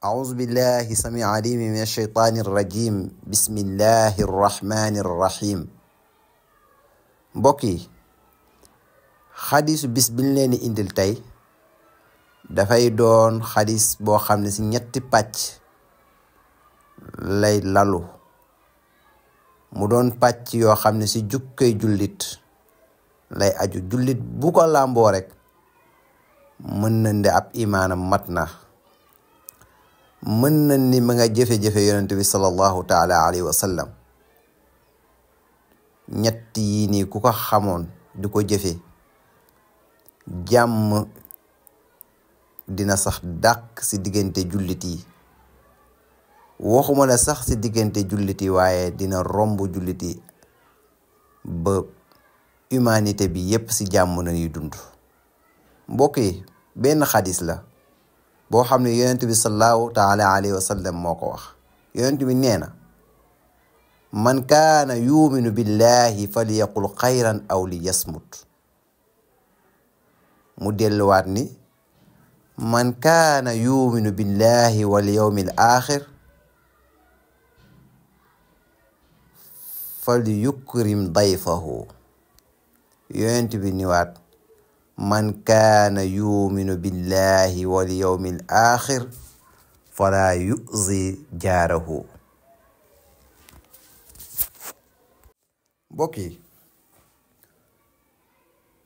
أعوذ بالله سميع عليم من الشيطان الرجيم بسم الله الرحمن الرحيم بوكي حديث بسم الله نيندل تاي دا دون حديث بو خامني سي نيت باتش لاي لالو مو دون باتش يو خامني سي جوكاي جوليت لاي اجو جوليت بوكو لامبو رك من ناندي اب ايمانم ماتنا mën na ni ma nga jafe-jafe wi bi sallallahu taala alayhi wa sallam ñett yii nii ku ko xamoon di ko jëfe jàmm dina sax dàq si diggante jullit yi waxuma la sax si diggante jullit waaye dina romb jullit yi ba humanité bi yépp si jàmm nañuy dund mbokk benn xadis la bo xamne ne bi sallahu taala alayhi wa sallam moko wax yonent bi neena man kana yuminu billahi falyaqul khayran aw liyasmut mu delu wat ni man kana yuminu billahi wal yawmil akhir falyukrim dayfahu yonent bi ni wat من كان يؤمن بالله واليوم الآخر فلا يؤذي جاره بوكي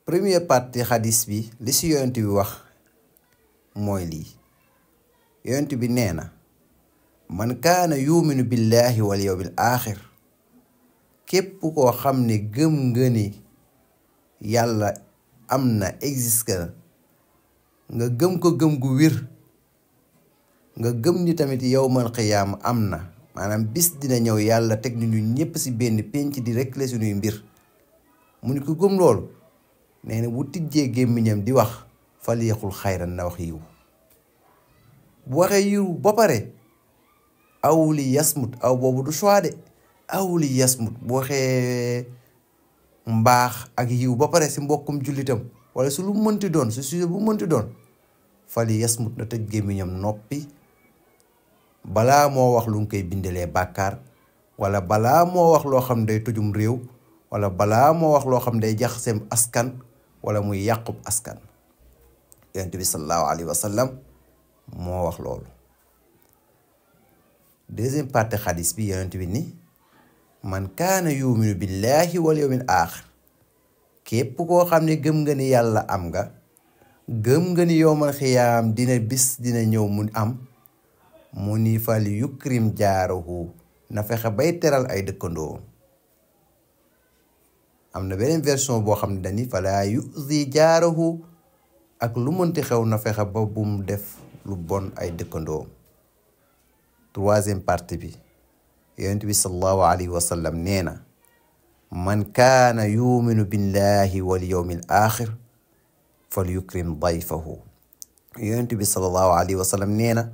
بريمير بارتي حديث بي لسي يونتي بي واخ موي لي يونتي بي نينا من كان يؤمن بالله واليوم الآخر كيب كو خامني گم گني يالا am na existe nga gëm ko gëm gu wér nga gëm ni tamit yowmal xiyaam am na maanaam bis dina ñëw yàlla teg ñu ñëpp si benn penc di réglé suñuy mbir mu ni ko gëm loolu nee na bu tijjee gémmiñam di wax fa yaqul xayran na wax yiw bu waxee yiw ba pare awli yasmut aw boobu du choix de awli yasmut bu waxee mbax ak yiw ba pare ci mbokum julitam wala su lu mënti doon su sujet bu mënti doon fali yasmut na tëj gémmiñam noppi bala mo wax lu koy bindele bakar wala bala mo wax lo xam day tujum rew wala bala mo wax lo xam day jaxsem askan wala muy yaqub askan yang bi sallallahu alayhi wa sallam moo wax loolu deuxième partie hadith bi yonent bi ni man kaana yuminu billahi wal yawmil aaxir képp koo xam ne gëm nga ni yàlla am nga gëm nga ni yowmal xiyaam dina bis dina ñëw mu am mu ni fal yukrim jaarahu na fexe bay teral ay dëkkandoo am na beneen version boo xam ne dani fala yuzi jaarahu ak lu mënti xew na fexe ba bum def lu bon ay dëkkandoo troisième partie bi ينتبي صلى الله عليه وسلم نينا من كان يؤمن بالله واليوم الآخر فليكرم ضيفه ينتبي صلى الله عليه وسلم نينا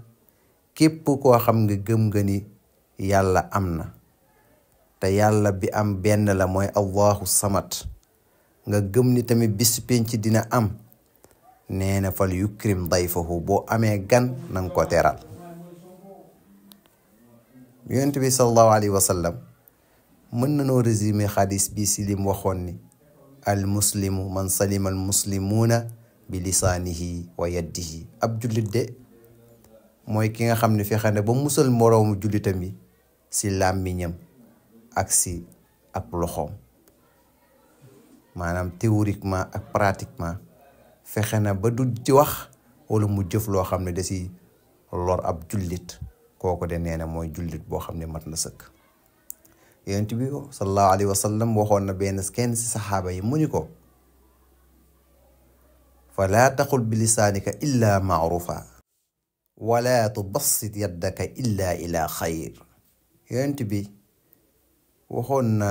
كيف كو خم غم يالا امنا تا يالا بي ام بن لا موي الله الصمد nga gëm ni tamit bis penc dina am neena fal yukrim dayfahu bo amé gan nang ko téral يونت بي صلى الله عليه وسلم من نو ريزيمي حديث بي سليم وخوني المسلم من سلم المسلمون بلسانه ويده اب جوليت دي موي كيغا خامني في خاني بو موسل موروم جوليتامي سي لامينيام اكسي اب لوخوم manam théoriquement ak pratiquement fexena ba du ci wax wala mu jëf lo xamne da ci lor koko de neena moy julit bo xamne mat na seuk yonent bi sallallahu alayhi wasallam waxon na ben sken ci sahaba yi mu ni ko falaa taqul bi lisaanika illaa maarufa wala tubassit yaddaka illaa ilaa xayr yonent bi waxon na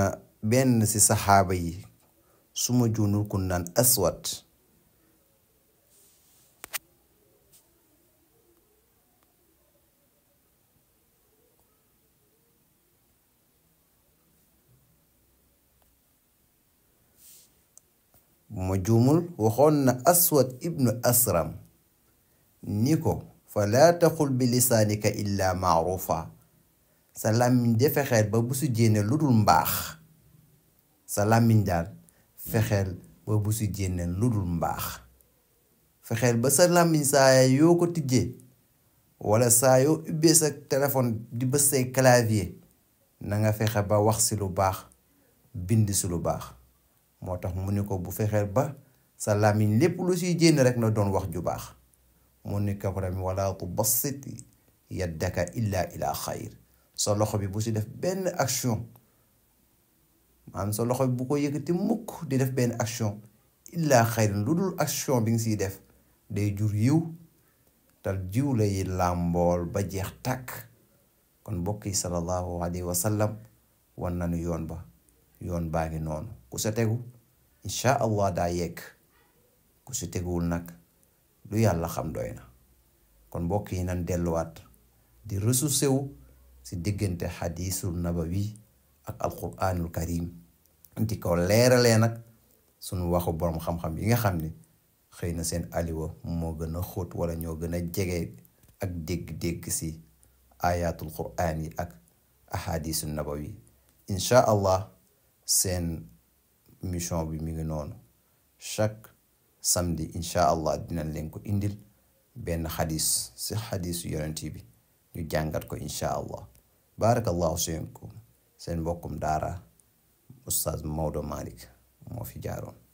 ben ci sahaba yi suma junul kun naan aswat bu ma juumul waxoon na aswad ibnu asram ni ko fa laa taxul bi lisaanika illa maarufa sa làmmiñ de fexeel ba bu su lu dul mbaax sa làmmiñ daal fexeel ba bu su lu dul mbaax fexeel ba sa làmmiñ saa yoo ko tijjee wala saa yoo ubbee sa téléphone di bës say clavier na nga fexe ba wax si lu baax bind si lu baax moo tax mu ne ko bu fexeel ba sa làmmiñ lépp lu siy génn rek na doon wax ju baax mu ni ko tamit wala tubassit yaddaka illa ila xayr sa loxo bi bu si def benn action maanaam sa loxo bi bu ko yëkkati mukk di def benn action illa xayr lu dul action bi nga siy def day jur yiw te jiw lay mbool ba jeex tàkk kon mbokk yi sallallahu alayhi wa sallam wan yoon ba yoon baa ngi noonu ku sa tegu incha allah daa yegg ku si teguwul nag lu yàlla xam doy na kon mbokk yi nan delluwaat di ressourcé wu si diggante xadiisul nabawi ak alquranul karim di ko leerale nag sunu waxu borom xam-xam yi nga xam ni xëy na seen aliwa moo gën a xóot wala ñoo gën a jege ak dégg-dégg si ayatul quraan yi ak ahadiisul nabawi incha allah seen mission bi mi ngi noonu chaque samedi incha allah dinañ leen ko indil benn xadis si xadisu yonent bi ñu jàngat ko incha allah barakallahu ko seen mbokkum daara oustaz Maodo Malick moo fi jaaroon